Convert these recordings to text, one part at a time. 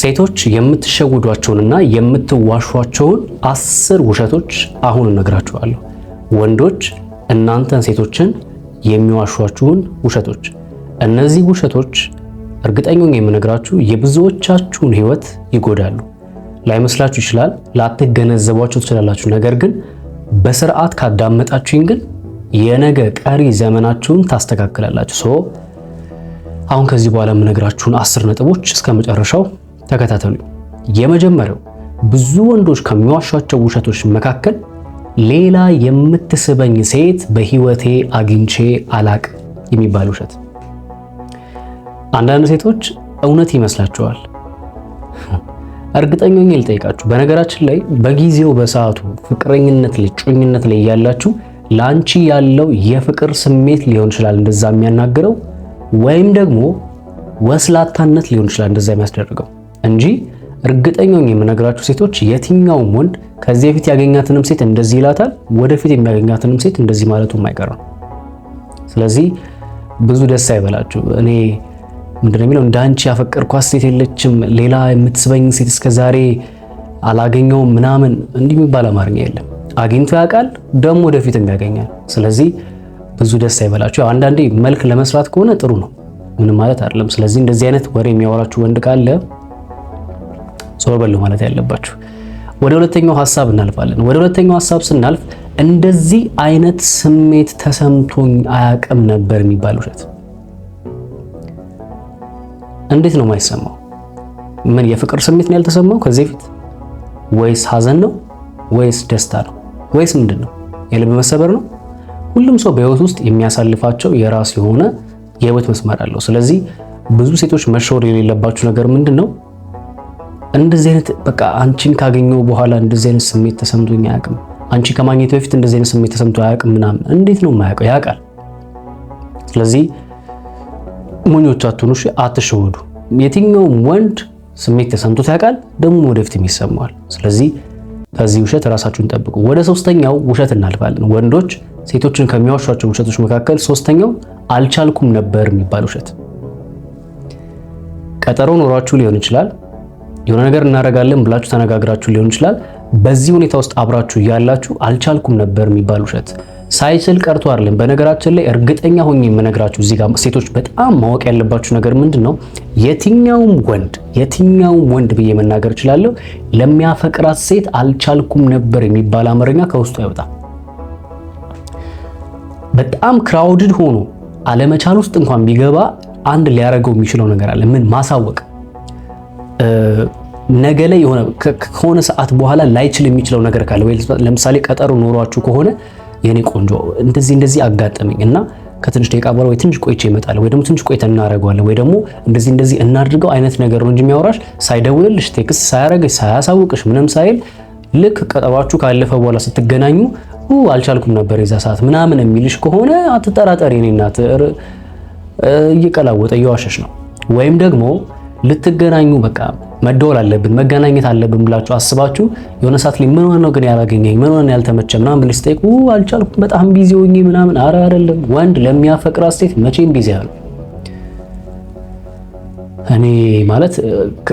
ሴቶች የምትሸውዷቸውንና የምትዋሿቸውን አስር ውሸቶች አሁን እነግራችኋለሁ። ወንዶች እናንተን ሴቶችን የሚዋሿችሁን ውሸቶች። እነዚህ ውሸቶች እርግጠኛ የምነግራችሁ የብዙዎቻችሁን ህይወት ይጎዳሉ። ላይመስላችሁ ይችላል፣ ላትገነዘቧቸው ትችላላችሁ። ነገር ግን በስርዓት ካዳመጣችሁኝ ግን የነገ ቀሪ ዘመናችሁን ታስተካክላላችሁ። ሶ አሁን ከዚህ በኋላ የምነግራችሁን አስር ነጥቦች እስከ መጨረሻው ተከታተሉ። የመጀመሪያው ብዙ ወንዶች ከሚዋሿቸው ውሸቶች መካከል ሌላ የምትስበኝ ሴት በህይወቴ አግኝቼ አላቅ የሚባል ውሸት። አንዳንድ ሴቶች እውነት ይመስላቸዋል። እርግጠኛ ሆኜ ልጠይቃችሁ፣ በነገራችን ላይ በጊዜው በሰዓቱ ፍቅረኝነት ላይ ጮኝነት ላይ እያላችሁ ለአንቺ ያለው የፍቅር ስሜት ሊሆን ይችላል እንደዛ የሚያናግረው፣ ወይም ደግሞ ወስላታነት ሊሆን ይችላል እንደዛ የሚያስደርገው እንጂ እርግጠኛውን የምነግራችሁ ሴቶች የትኛውም ወንድ ከዚህ በፊት ያገኛትንም ሴት እንደዚህ ይላታል፣ ወደፊት የሚያገኛትንም ሴት እንደዚህ ማለቱ የማይቀር ነው። ስለዚህ ብዙ ደስ አይበላችሁ። እኔ ምንድን ነው የሚለው እንዳንቺ ያፈቀርኳት ሴት የለችም፣ ሌላ የምትስበኝ ሴት እስከ ዛሬ አላገኘውም ምናምን እንዲህ የሚባል አማርኛ የለም። አግኝቶ ያውቃል፣ ደግሞ ወደፊትም ያገኛል። ስለዚህ ብዙ ደስ አይበላችሁ። ያው አንዳንዴ መልክ ለመስራት ከሆነ ጥሩ ነው፣ ምንም ማለት አይደለም። ስለዚህ እንደዚህ አይነት ወሬ የሚያወራችሁ ወንድ ካለ ዞር በሉ ማለት ያለባችሁ። ወደ ሁለተኛው ሀሳብ እናልፋለን። ወደ ሁለተኛው ሀሳብ ስናልፍ እንደዚህ አይነት ስሜት ተሰምቶኝ አያቅም ነበር የሚባል ውሸት። እንዴት ነው የማይሰማው? ምን የፍቅር ስሜት ነው ያልተሰማው ከዚህ ፊት ወይስ ሀዘን ነው ወይስ ደስታ ነው ወይስ ምንድን ነው? የልብ መሰበር ነው? ሁሉም ሰው በህይወት ውስጥ የሚያሳልፋቸው የራስ የሆነ የህይወት መስመር አለው። ስለዚህ ብዙ ሴቶች መሸወር የሌለባችሁ ነገር ምንድን ነው? እንደዚህ አይነት በቃ አንቺን ካገኘው በኋላ እንደዚህ አይነት ስሜት ተሰምቶኝ አያውቅም፣ አንቺ ከማግኘት በፊት እንደዚህ አይነት ስሜት ተሰምቶ አያውቅም ምናምን። እንዴት ነው የማያውቀው? ያውቃል። ስለዚህ ሞኞች አትሁኑ፣ እሺ አትሸወዱ። የትኛውም ወንድ ስሜት ተሰምቶት ያውቃል፣ ደግሞ ወደፊትም ይሰማዋል። ስለዚህ ከዚህ ውሸት ራሳችሁን ጠብቁ። ወደ ሶስተኛው ውሸት እናልፋለን። ወንዶች ሴቶችን ከሚያዋሿቸው ውሸቶች መካከል ሶስተኛው አልቻልኩም ነበር የሚባል ውሸት። ቀጠሮ ኖሯችሁ ሊሆን ይችላል የሆነ ነገር እናደርጋለን ብላችሁ ተነጋግራችሁ ሊሆን ይችላል። በዚህ ሁኔታ ውስጥ አብራችሁ እያላችሁ አልቻልኩም ነበር የሚባል ውሸት ሳይችል ቀርቶ አይደለም። በነገራችን ላይ እርግጠኛ ሆኜ የምነግራችሁ እዚህ ጋር ሴቶች በጣም ማወቅ ያለባችሁ ነገር ምንድን ነው? የትኛውም ወንድ የትኛውም ወንድ ብዬ መናገር እችላለሁ፣ ለሚያፈቅራት ሴት አልቻልኩም ነበር የሚባል አማርኛ ከውስጡ አይወጣም። በጣም ክራውድድ ሆኖ አለመቻል ውስጥ እንኳን ቢገባ አንድ ሊያደርገው የሚችለው ነገር አለ። ምን ማሳወቅ ነገ ላይ የሆነ ከሆነ ሰዓት በኋላ ላይችል የሚችለው ነገር ካለ ወይ ለምሳሌ ቀጠሮ ኖሯችሁ ከሆነ የኔ ቆንጆ እንደዚህ እንደዚህ አጋጠመኝ እና ከትንሽ ደቂቃ በኋላ ወይ ትንሽ ቆይቼ እመጣለሁ ወይ ደግሞ ትንሽ ቆይተ እናደርገዋለን ወይ ደግሞ እንደዚህ እንደዚህ እናድርገው አይነት ነገር ነው እንጂ የሚያወራሽ ሳይደውልልሽ፣ ቴክስት ሳያረግሽ፣ ሳያሳውቅሽ ምንም ሳይል ልክ ቀጠሯችሁ ካለፈ በኋላ ስትገናኙ አልቻልኩም ነበር የዛ ሰዓት ምናምን የሚልሽ ከሆነ አትጠራጠሪ፣ እኔ እናት እየቀላወጠ እየዋሸሽ ነው ወይም ደግሞ ልትገናኙ በቃ መደወል አለብን መገናኘት አለብን ብላችሁ አስባችሁ የሆነ ሰዓት ላይ ምን ሆነ ነው ግን ያላገኘኝ ምን ሆነ ያልተመቸ ምናምን ብለሽ አልቻልኩም በጣም ቢዚ ሆኜ ምናምን። አረ አይደለም፣ ወንድ ለሚያፈቅራት ሴት መቼም ቢዚ አለ። እኔ ማለት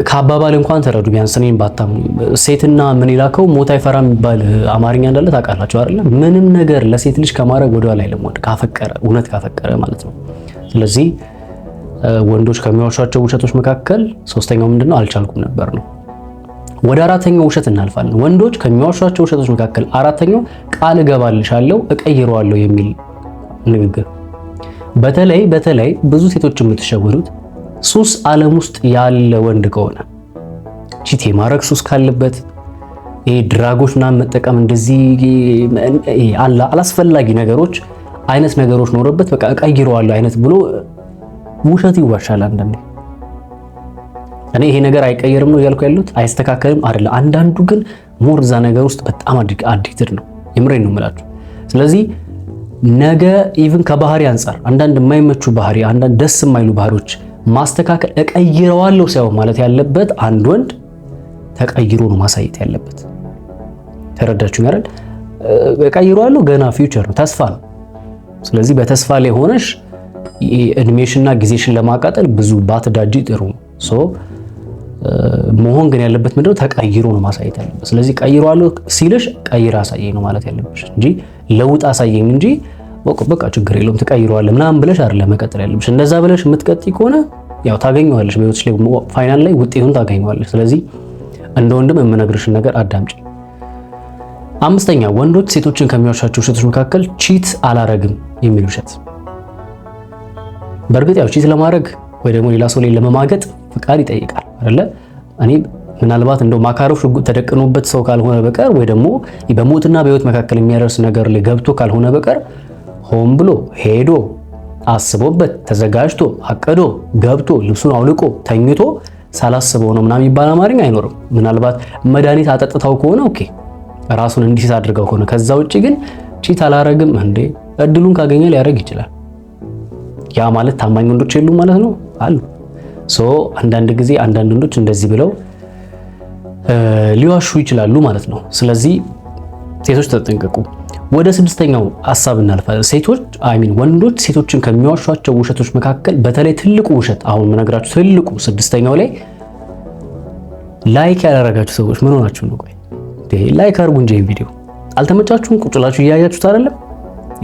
ከአባባል እንኳን ተረዱ። ቢያንስ እኔም ባታምኑ ሴትና ምን ይላከው ሞት አይፈራም የሚባል አማርኛ እንዳለ ታውቃላችሁ አይደለም? ምንም ነገር ለሴት ልጅ ከማድረግ ወደኋላ አይልም ወንድ ካፈቀረ፣ እውነት ካፈቀረ ማለት ነው። ስለዚህ ወንዶች ከሚዋሿቸው ውሸቶች መካከል ሶስተኛው ምንድነው? አልቻልኩም ነበር ነው። ወደ አራተኛው ውሸት እናልፋለን። ወንዶች ከሚዋሿቸው ውሸቶች መካከል አራተኛው ቃል እገባልሻለሁ፣ እቀይረዋለሁ የሚል ንግግር። በተለይ በተለይ ብዙ ሴቶች የምትሸወዱት ሱስ ዓለም ውስጥ ያለ ወንድ ከሆነ ቺቴ ማድረግ ሱስ ካለበት ይሄ ድራጎች ምናምን መጠቀም እንደዚህ አላስፈላጊ ነገሮች አይነት ነገሮች ኖረበት በቃ እቀይረዋለሁ አይነት ብሎ ውሸት ይዋሻል አንዳንዴ። እኔ ይሄ ነገር አይቀየርም ነው እያልኩ ያሉት አይስተካከልም አይደለ። አንዳንዱ ግን ሞር እዛ ነገር ውስጥ በጣም አዲክትድ ነው። የምሬን ነው የምላችሁ። ስለዚህ ነገ ኢቭን ከባህሪ አንጻር አንዳንድ የማይመቹ ባህሪ፣ አንዳንድ ደስ የማይሉ ባህሪዎች ማስተካከል እቀይረዋለሁ ሳይሆን ማለት ያለበት አንድ ወንድ ተቀይሮ ነው ማሳየት ያለበት። ተረዳችሁኝ አይደል? እቀይረዋለሁ ገና ፊውቸር ነው ተስፋ ነው። ስለዚህ በተስፋ ላይ ሆነሽ እድሜሽና ጊዜሽን ለማቃጠል ብዙ ባትዳጂ ጥሩ ሶ መሆን ግን ያለበት ምንድነው? ተቀይሮ ነው ማሳየት ያለበት። ስለዚህ ቀይረዋለሁ ሲልሽ ቀይር አሳየኝ ነው ማለት ያለብሽ እንጂ ለውጥ አሳየኝ እንጂ በቃ ችግር የለውም ትቀይረዋለህ ምናምን ብለሽ አይደለም መቀጠል ያለብሽ። እንደዛ ብለሽ የምትቀጥይ ከሆነ ያው ታገኘዋለሽ፣ በህይወትሽ ላይ ፋይናል ላይ ውጤቱን ታገኘዋለሽ። ስለዚህ እንደ ወንድም የምነግርሽን ነገር አዳምጪ። አምስተኛ ወንዶች ሴቶችን ከሚዋሻቸው ውሸቶች መካከል ቺት አላረግም የሚል ውሸት በእርግጥ ያው ቺት ለማድረግ ወይ ደግሞ ሌላ ሰው ላይ ለመማገጥ ፍቃድ ይጠይቃል አይደለ? እኔ ምናልባት እንደው ማካሮ ሽጉጥ ተደቅኖበት ሰው ካልሆነ በቀር ወይ ደግሞ በሞትና በህይወት መካከል የሚያደርስ ነገር ላይ ገብቶ ካልሆነ በቀር ሆን ብሎ ሄዶ አስቦበት ተዘጋጅቶ አቅዶ ገብቶ ልብሱን አውልቆ ተኝቶ ሳላስበው ነው ምናምን የሚባል አማርኛ አይኖርም። ምናልባት መድኃኒት አጠጥታው ከሆነ ኦኬ፣ ራሱን እንዲስት አድርገው ከሆነ ከዛ ውጭ ግን ቺት አላረግም እንዴ እድሉን ካገኘ ሊያደርግ ይችላል። ያ ማለት ታማኝ ወንዶች የሉም ማለት ነው አሉ። ሶ አንዳንድ ጊዜ አንዳንድ ወንዶች እንደዚህ ብለው ሊዋሹ ይችላሉ ማለት ነው። ስለዚህ ሴቶች ተጠንቀቁ። ወደ ስድስተኛው ሀሳብ እናልፋለን። ሴቶች ሚን ወንዶች ሴቶችን ከሚዋሿቸው ውሸቶች መካከል በተለይ ትልቁ ውሸት አሁን የምነግራችሁ ትልቁ ስድስተኛው ላይ ላይክ ያላረጋችሁ ሰዎች ምን ሆናችሁ ነው? ቆይ ላይክ አርጉ እንጂ ቪዲዮ አልተመቻችሁም? ቁጭላችሁ እያያችሁት አይደለም?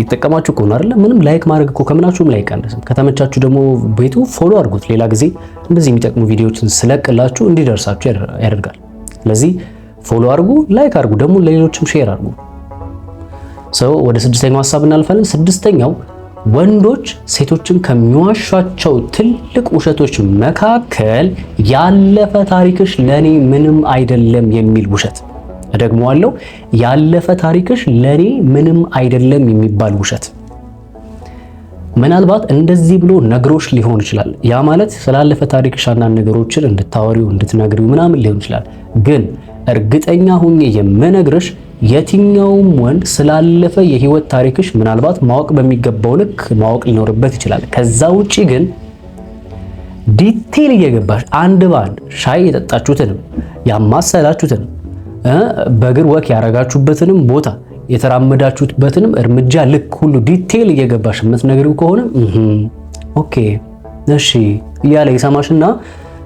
ይጠቀማችሁ ከሆነ አይደለ ምንም ላይክ ማድረግ እኮ ከምናችሁም ላይክ አይቀንስም። ከተመቻችሁ ደግሞ ቤቱ ፎሎ አድርጉት። ሌላ ጊዜ እንደዚህ የሚጠቅሙ ቪዲዮዎችን ስለቅላችሁ እንዲደርሳችሁ ያደርጋል። ስለዚህ ፎሎ አድርጉ፣ ላይክ አድርጉ፣ ደግሞ ለሌሎችም ሼር አድርጉ። ሰው ወደ ስድስተኛው ሀሳብ እናልፋለን። ስድስተኛው ወንዶች ሴቶችን ከሚዋሻቸው ትልቅ ውሸቶች መካከል ያለፈ ታሪክሽ ለኔ ምንም አይደለም የሚል ውሸት እደግመዋለሁ። ያለፈ ታሪክሽ ለኔ ምንም አይደለም የሚባል ውሸት። ምናልባት እንደዚህ ብሎ ነግሮሽ ሊሆን ይችላል። ያ ማለት ስላለፈ ታሪክሽ አንዳንድ ነገሮችን እንድታወሪው እንድትነግሪው ምናምን ሊሆን ይችላል። ግን እርግጠኛ ሁኜ የምነግርሽ የትኛውም ወንድ ስላለፈ የህይወት ታሪክሽ ምናልባት ማወቅ በሚገባው ልክ ማወቅ ሊኖርበት ይችላል። ከዛ ውጪ ግን ዲቴል እየገባሽ አንድ በአንድ ሻይ የጠጣችሁትንም ያማሰላችሁትንም በእግር ወክ ያረጋችሁበትንም ቦታ የተራመዳችሁበትንም እርምጃ ልክ ሁሉ ዲቴይል እየገባሽ የምትነግሪው ከሆነ ኦኬ እሺ እያለ ይሰማሽና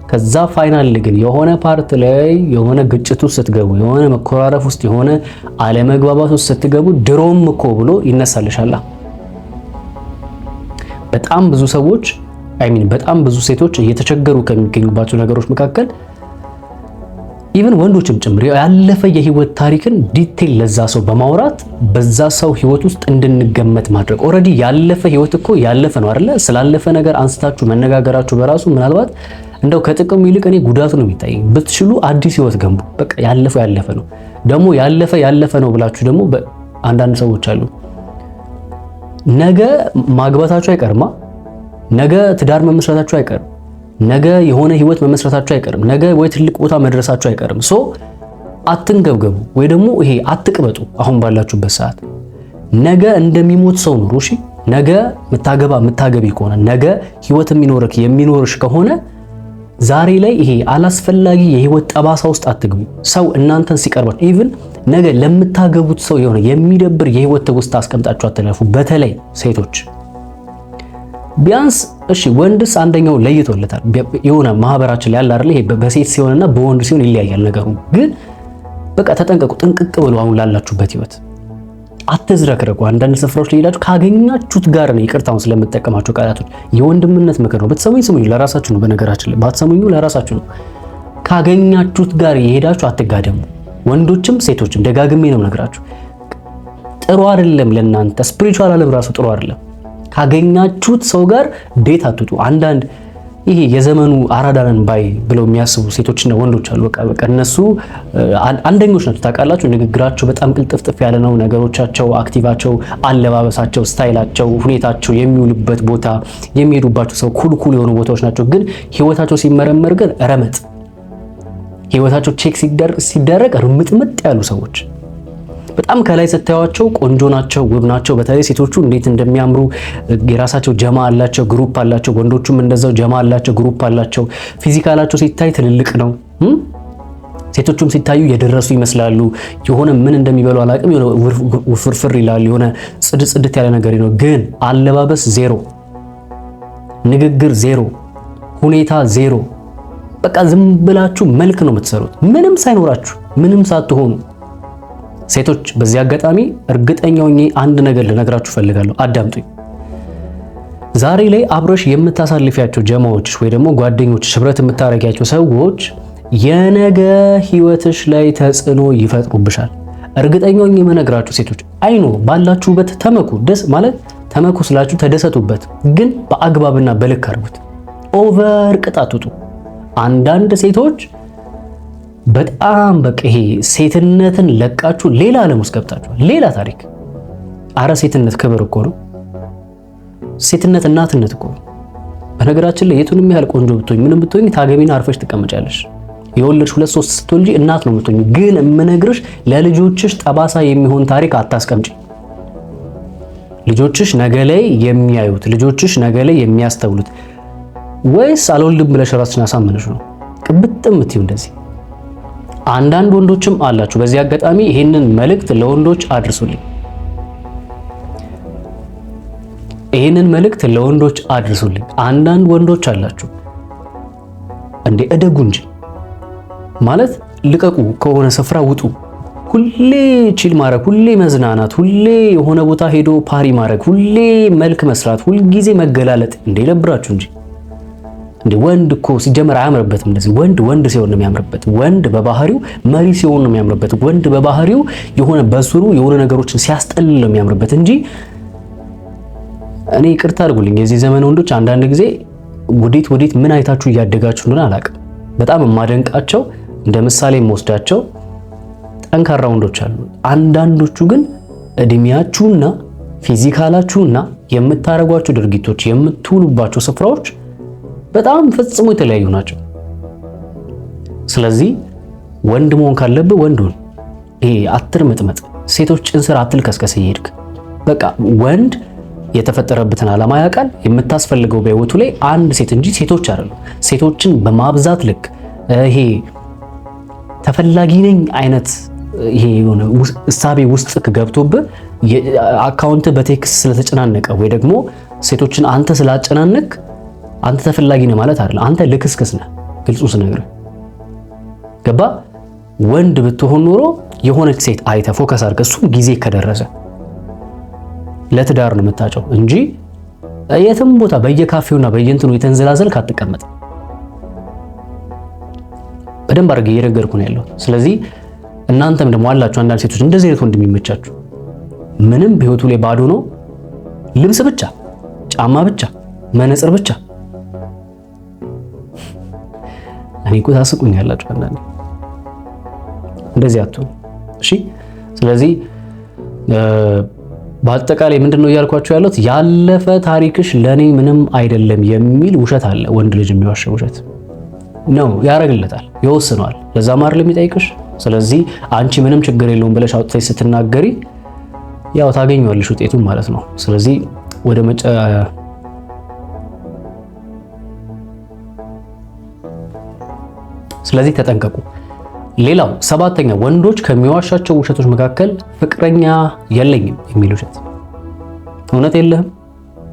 ከዛ ፋይናል ግን የሆነ ፓርት ላይ የሆነ ግጭት ውስጥ ስትገቡ፣ የሆነ መኮራረፍ ውስጥ፣ የሆነ አለመግባባት ውስጥ ስትገቡ ድሮም እኮ ብሎ ይነሳልሻላ። በጣም ብዙ ሰዎች አይ ሚን በጣም ብዙ ሴቶች እየተቸገሩ ከሚገኙባቸው ነገሮች መካከል ኢቨን ወንዶችም ጭምር ያለፈ የህይወት ታሪክን ዲቴል ለዛ ሰው በማውራት በዛ ሰው ህይወት ውስጥ እንድንገመት ማድረግ። ኦልሬዲ ያለፈ ህይወት እኮ ያለፈ ነው አይደለ? ስላለፈ ነገር አንስታችሁ መነጋገራችሁ በራሱ ምናልባት እንደው ከጥቅሙ ይልቅ እኔ ጉዳቱ ነው የሚታይ። ብትችሉ አዲስ ህይወት ገንቡ። በቃ ያለፈ ያለፈ ነው። ደግሞ ያለፈ ያለፈ ነው ብላችሁ ደግሞ አንዳንድ ሰዎች አሉ ነገ ማግባታችሁ አይቀርማ፣ ነገ ትዳር መመስረታችሁ አይቀርም ነገ የሆነ ህይወት መመስረታችሁ አይቀርም። ነገ ወይ ትልቅ ቦታ መድረሳችሁ አይቀርም። ሶ አትንገብገቡ፣ ወይ ደግሞ ይሄ አትቅበጡ። አሁን ባላችሁበት ሰዓት ነገ እንደሚሞት ሰው ኑሩ። እሺ ነገ ምታገባ ምታገቢ ከሆነ ነገ ህይወት የሚኖርክ የሚኖርሽ ከሆነ ዛሬ ላይ ይሄ አላስፈላጊ የህይወት ጠባሳ ውስጥ አትግቡ። ሰው እናንተን ሲቀርበት ኢቭን ነገ ለምታገቡት ሰው የሆነ የሚደብር የህይወት ውስጥ አስቀምጣችሁ አትለፉ። በተለይ ሴቶች ቢያንስ እሺ ወንድስ አንደኛው ለይቶለታል። የሆነ ማህበራችን ላይ ያለ አይደል ይሄ በሴት ሲሆንና በወንድ ሲሆን ይለያያል ነገሩ። ግን በቃ ተጠንቀቁ፣ ጥንቅቅ ብሎ አሁን ላላችሁበት ህይወት አትዝረክረቁ። አንዳንድ ስፍራዎች ላይ ሄዳችሁ ካገኛችሁት ጋር ነው። ይቅርታውን ስለምጠቀማቸው ቃላቶች የወንድምነት ምክር ነው። ብትሰሙኝ ስሙኝ፣ ለራሳችሁ ነው። በነገራችን ላይ ባትሰሙኝ ለራሳችሁ ነው። ካገኛችሁት ጋር የሄዳችሁ አትጋደሙ። ወንዶችም ሴቶችም ደጋግሜ ነው ነግራችሁ፣ ጥሩ አይደለም ለእናንተ ስፒሪቹዋል አለም ራሱ ጥሩ አይደለም። ካገኛችሁት ሰው ጋር ዴት አትጡ። አንዳንድ ይሄ የዘመኑ አራዳንን ባይ ብለው የሚያስቡ ሴቶችና ወንዶች አሉ። በቃ በቃ እነሱ አንደኞች ናቸው። ታውቃላችሁ፣ ንግግራቸው በጣም ቅልጥፍጥፍ ያለ ነው። ነገሮቻቸው፣ አክቲቫቸው፣ አለባበሳቸው፣ ስታይላቸው፣ ሁኔታቸው፣ የሚውሉበት ቦታ፣ የሚሄዱባቸው ሰው ኩልኩል የሆኑ ቦታዎች ናቸው። ግን ህይወታቸው ሲመረመር ግን ረመጥ ህይወታቸው ቼክ ሲደረግ ርምጥምጥ ያሉ ሰዎች በጣም ከላይ ስታዩቸው ቆንጆ ናቸው፣ ውብ ናቸው። በተለይ ሴቶቹ እንዴት እንደሚያምሩ የራሳቸው ጀማ አላቸው፣ ግሩፕ አላቸው። ወንዶቹም እንደዛው ጀማ አላቸው፣ ግሩፕ አላቸው። ፊዚካላቸው ሲታይ ትልልቅ ነው። ሴቶቹም ሲታዩ የደረሱ ይመስላሉ። የሆነ ምን እንደሚበሉ አላቅም። የሆነ ውፍርፍር ይላል፣ የሆነ ጽድ ጽድት ያለ ነገር ነው። ግን አለባበስ ዜሮ፣ ንግግር ዜሮ፣ ሁኔታ ዜሮ። በቃ ዝም ብላችሁ መልክ ነው የምትሰሩት፣ ምንም ሳይኖራችሁ ምንም ሳትሆኑ ሴቶች በዚህ አጋጣሚ እርግጠኛ ሆኜ አንድ ነገር ልነግራችሁ ፈልጋለሁ። አዳምጡኝ። ዛሬ ላይ አብረሽ የምታሳልፊያቸው ጀማዎች ወይ ደግሞ ጓደኞች ህብረት የምታረጊያቸው ሰዎች የነገ ህይወትሽ ላይ ተጽዕኖ ይፈጥሩብሻል። እርግጠኛ ሆኜ የምነግራችሁ ሴቶች አይኖ ባላችሁበት ተመኩ። ደስ ማለት ተመኩ ስላችሁ ተደሰቱበት፣ ግን በአግባብና በልክ አድርጉት። ኦቨር ቅጣት ውጡ። አንዳንድ ሴቶች በጣም በቃ ይሄ ሴትነትን ለቃችሁ ሌላ ዓለም ውስጥ ገብታችኋል። ሌላ ታሪክ። አረ ሴትነት ክብር እኮ ነው። ሴትነት እናትነት እኮ ነው። በነገራችን ላይ የቱንም ያህል ቆንጆ ብትሆኝ ምንም ብትሆኝ ታገቢና አርፈሽ ትቀመጫለሽ። የወለድሽ ሁለት ሶስት ስትወልጂ እናት ነው የምትሆኝ። ግን የምነግርሽ ለልጆችሽ ጠባሳ የሚሆን ታሪክ አታስቀምጪ። ልጆችሽ ነገ ላይ የሚያዩት ልጆችሽ ነገ ላይ የሚያስተውሉት ወይስ አልወልድም ብለሽ ራስሽን አሳምነሽ ነው ቅብጥ የምትይው እንደዚህ አንዳንድ ወንዶችም አላችሁ። በዚህ አጋጣሚ ይህንን መልእክት ለወንዶች አድርሱልኝ። ይህንን መልእክት ለወንዶች አድርሱልኝ። አንዳንድ ወንዶች አላችሁ እንዴ እደጉ እንጂ ማለት ልቀቁ፣ ከሆነ ስፍራ ውጡ። ሁሌ ቺል ማድረግ፣ ሁሌ መዝናናት፣ ሁሌ የሆነ ቦታ ሄዶ ፓሪ ማድረግ፣ ሁሌ መልክ መስራት፣ ሁልጊዜ መገላለጥ እንደ ይደብራችሁ እንጂ እንደ ወንድ እኮ ሲጀመር አያምርበትም። እንደዚህ ወንድ ወንድ ሲሆን ነው የሚያምርበት። ወንድ በባህሪው መሪ ሲሆን ነው የሚያምርበት። ወንድ በባህሪው የሆነ በስሩ የሆነ ነገሮችን ሲያስጠልል ነው የሚያምርበት እንጂ እኔ ይቅርታ አድርጉልኝ፣ የዚህ ዘመን ወንዶች አንዳንድ ጊዜ ወዴት ወዴት ምን አይታችሁ እያደጋችሁ እንደሆነ አላውቅም። በጣም የማደንቃቸው እንደ ምሳሌ የምወስዳቸው ጠንካራ ወንዶች አሉ። አንዳንዶቹ ግን እድሜያችሁና ፊዚካላችሁና የምታደርጓቸው ድርጊቶች የምትውሉባቸው ስፍራዎች በጣም ፈጽሞ የተለያዩ ናቸው። ስለዚህ ወንድ መሆን ካለብህ ወንድ ሁን። ይሄ አትርምጥምጥ፣ ሴቶችን ስራ አትልከስከስ እየሄድክ በቃ ወንድ የተፈጠረበትን ዓላማ ያውቃል። የምታስፈልገው በህይወቱ ላይ አንድ ሴት እንጂ ሴቶች አይደሉ። ሴቶችን በማብዛት ልክ ይሄ ተፈላጊ ነኝ አይነት ይሄ የሆነ እሳቤ ውስጥ ገብቶብህ አካውንት በቴክስ ስለተጨናነቀ ወይ ደግሞ ሴቶችን አንተ ስላጨናነቅ አንተ ተፈላጊ ነህ ማለት አይደለም። አንተ ልክስክስ ነህ። ግልጹ ስነግርህ ገባ። ወንድ ብትሆን ኖሮ የሆነች ሴት አይተ ፎከስ አድርገህ እሱም ጊዜ ከደረሰ ለትዳር ነው የምታጨው እንጂ የትም ቦታ በየካፌውና በየእንትኑ የተንዘላዘልክ አትቀመጥ። በደንብ አድርጌ እየነገርኩ ነው ያለው። ስለዚህ እናንተም ደግሞ አላችሁ አንዳንድ ሴቶች እንደዚህ አይነት ወንድ የሚመቻችሁ ምንም በህይወቱ ላይ ባዶ ነው፣ ልብስ ብቻ፣ ጫማ ብቻ፣ መነጽር ብቻ እኔ እኮ ታስቁኛላችሁ አንዳንዴ እንደዚህ አትሆኑ። እሺ፣ ስለዚህ በአጠቃላይ ምንድነው እያልኳቸው ያለት ያለፈ ታሪክሽ ለእኔ ምንም አይደለም የሚል ውሸት አለ። ወንድ ልጅ የሚዋሸው ውሸት ነው። ያደርግለታል፣ ይወስነዋል። ለዛ ማር ለሚጠይቅሽ? ስለዚህ አንቺ ምንም ችግር የለውም ብለሽ አውጥተሽ ስትናገሪ ያው ታገኘዋለሽ ውጤቱን ማለት ነው። ስለዚህ ወደ መጨ ስለዚህ ተጠንቀቁ። ሌላው ሰባተኛ ወንዶች ከሚዋሻቸው ውሸቶች መካከል ፍቅረኛ የለኝም የሚል ውሸት። እውነት የለህም፣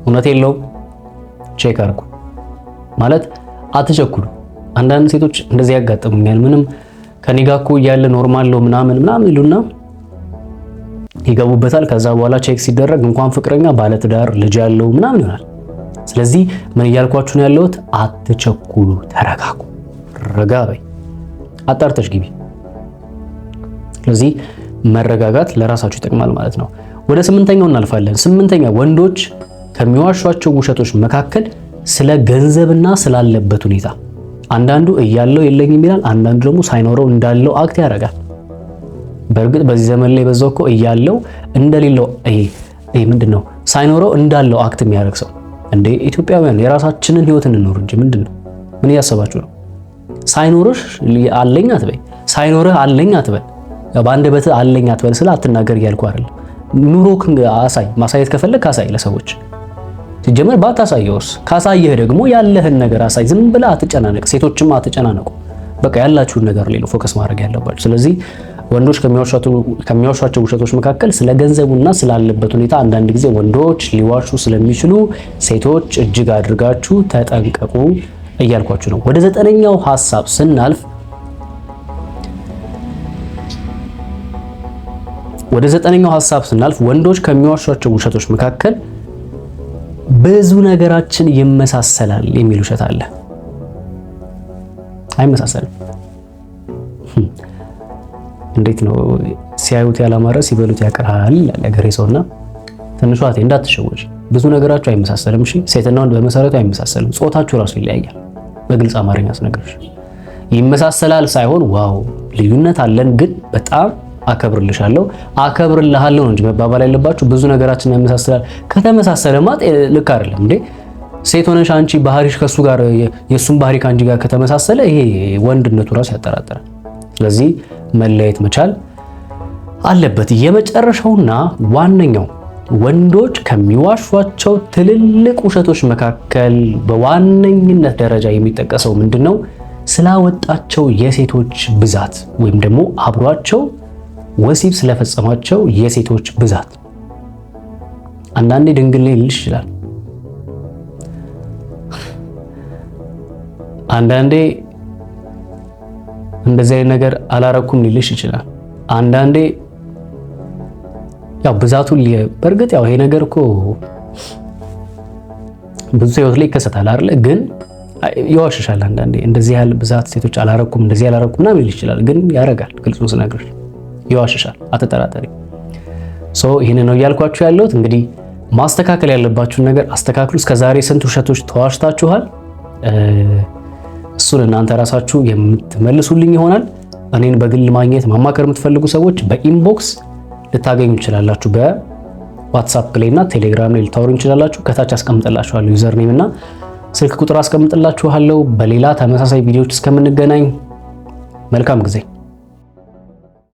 እውነት የለውም፣ ቼክ አድርጉ ማለት አትቸኩሉ። አንዳንድ ሴቶች እንደዚህ ያጋጥሙኛል። ምንም ከኔ ጋር እኮ እያለ ኖርማል ነው ምናምን ምናምን ይሉና ይገቡበታል። ከዛ በኋላ ቼክ ሲደረግ እንኳን ፍቅረኛ ባለትዳር ልጅ ያለው ምናምን ይሆናል። ስለዚህ ምን እያልኳችሁ ነው ያለሁት? አትቸኩሉ፣ ተረጋጉ። ረጋ በይ፣ አጣርተሽ ግቢ። ስለዚህ መረጋጋት ለራሳችሁ ይጠቅማል ማለት ነው። ወደ ስምንተኛው እናልፋለን። ስምንተኛ ወንዶች ከሚዋሿቸው ውሸቶች መካከል ስለ ገንዘብና ስላለበት ሁኔታ አንዳንዱ እያለው የለኝም ይላል። አንዳንዱ ደግሞ ሳይኖረው እንዳለው አክት ያደርጋል። በእርግጥ በዚህ ዘመን ላይ በዛው እኮ እያለው እንደሌለው ይሄ ምንድን ነው ሳይኖረው እንዳለው አክት የሚያደርግ ሰው እንዴ! ኢትዮጵያውያን የራሳችንን ህይወት እንኖር እንጂ ምንድን ነው ምን እያሰባችሁ ነው? ሳይኖርሽ አለኝ አትበይ፣ ሳይኖርህ አለኝ አትበል፣ በአንደበት አለኝ አትበል ስለ አትናገር እያልኩ አይደለም። ኑሮክ አሳይ፣ ማሳየት ከፈለግ አሳይ ለሰዎች ሲጀመር ባታሳየውስ፣ ካሳየህ ደግሞ ያለህን ነገር አሳይ። ዝም ብለህ አትጨናነቅ፣ ሴቶችም አትጨናነቁ። በቃ ያላችሁን ነገር ላይ ነው ፎከስ ማድረግ ያለባችሁ። ስለዚህ ወንዶች ከሚያዋሿቸው ውሸቶች መካከል ስለ ገንዘቡና ስላለበት ሁኔታ አንዳንድ ጊዜ ወንዶች ሊዋሹ ስለሚችሉ ሴቶች እጅግ አድርጋችሁ ተጠንቀቁ። እያልኳችሁ ነው። ወደ ዘጠነኛው ሀሳብ ስናልፍ ወደ ዘጠነኛው ሐሳብ ስናልፍ ወንዶች ከሚዋሿቸው ውሸቶች መካከል ብዙ ነገራችን ይመሳሰላል የሚል ውሸት አለ። አይመሳሰልም። እንዴት ነው? ሲያዩት ያላማረ ሲበሉት ያቀራል ይላል ያገሬ ሰውና ትንሿ እቴ እንዳትሸወጭ። ብዙ ነገራችሁ አይመሳሰልም። እሺ ሴትና ወንድ በመሰረቱ አይመሳሰልም። ጾታችሁ ራሱ ይለያያል። በግልጽ አማርኛ አስነግርሽ። ይመሳሰላል ሳይሆን ዋው ልዩነት አለን፣ ግን በጣም አከብርልሻለሁ፣ አከብርልሃለሁ ነው እንጂ መባባል ያለባችሁ። ብዙ ነገራችን ያመሳስላል። ከተመሳሰለማ ልክ አይደለም እንዴ? ሴት ሆነሽ አንቺ ባህሪሽ ከሱ ጋር የሱን ባህሪ ከአንቺ ጋር ከተመሳሰለ ይሄ ወንድነቱ ራሱ ያጠራጥራል። ስለዚህ መለያየት መቻል አለበት። የመጨረሻውና ዋነኛው ወንዶች ከሚዋሿቸው ትልልቅ ውሸቶች መካከል በዋነኝነት ደረጃ የሚጠቀሰው ምንድን ነው? ስላወጣቸው የሴቶች ብዛት ወይም ደግሞ አብሯቸው ወሲብ ስለፈጸማቸው የሴቶች ብዛት። አንዳንዴ ድንግል ነኝ ልልሽ ይችላል። አንዳንዴ እንደዚህ አይነት ነገር አላረኩም ሊልሽ ይችላል። አንዳንዴ ያው ብዛቱን በእርግጥ ያው ይሄ ነገር እኮ ብዙ ህይወት ላይ ይከሰታል አይደለ? ግን ይዋሽሻል አንዳንዴ። እንደዚህ ያህል ብዛት ሴቶች አላረኩም፣ እንደዚህ አላረኩም ምናምን ሊል ይችላል። ግን ያረጋል። ግልጹን ስነግርሽ ይዋሽሻል። አትጠራጠሪ። ሶ ይህን ነው እያልኳችሁ ያለሁት። እንግዲህ ማስተካከል ያለባችሁን ነገር አስተካክሉ። እስከዛሬ ስንት ውሸቶች ተዋሽታችኋል? እሱን እናንተ ራሳችሁ የምትመልሱልኝ ይሆናል። እኔን በግል ማግኘት ማማከር የምትፈልጉ ሰዎች በኢንቦክስ ልታገኙ ትችላላችሁ። በዋትሳፕ ላይ እና ቴሌግራም ላይ ልታወሩ ይችላላችሁ። ከታች አስቀምጥላችኋለሁ ዩዘር ኔም እና ስልክ ቁጥር አስቀምጥላችኋለሁ። በሌላ ተመሳሳይ ቪዲዮዎች እስከምንገናኝ መልካም ጊዜ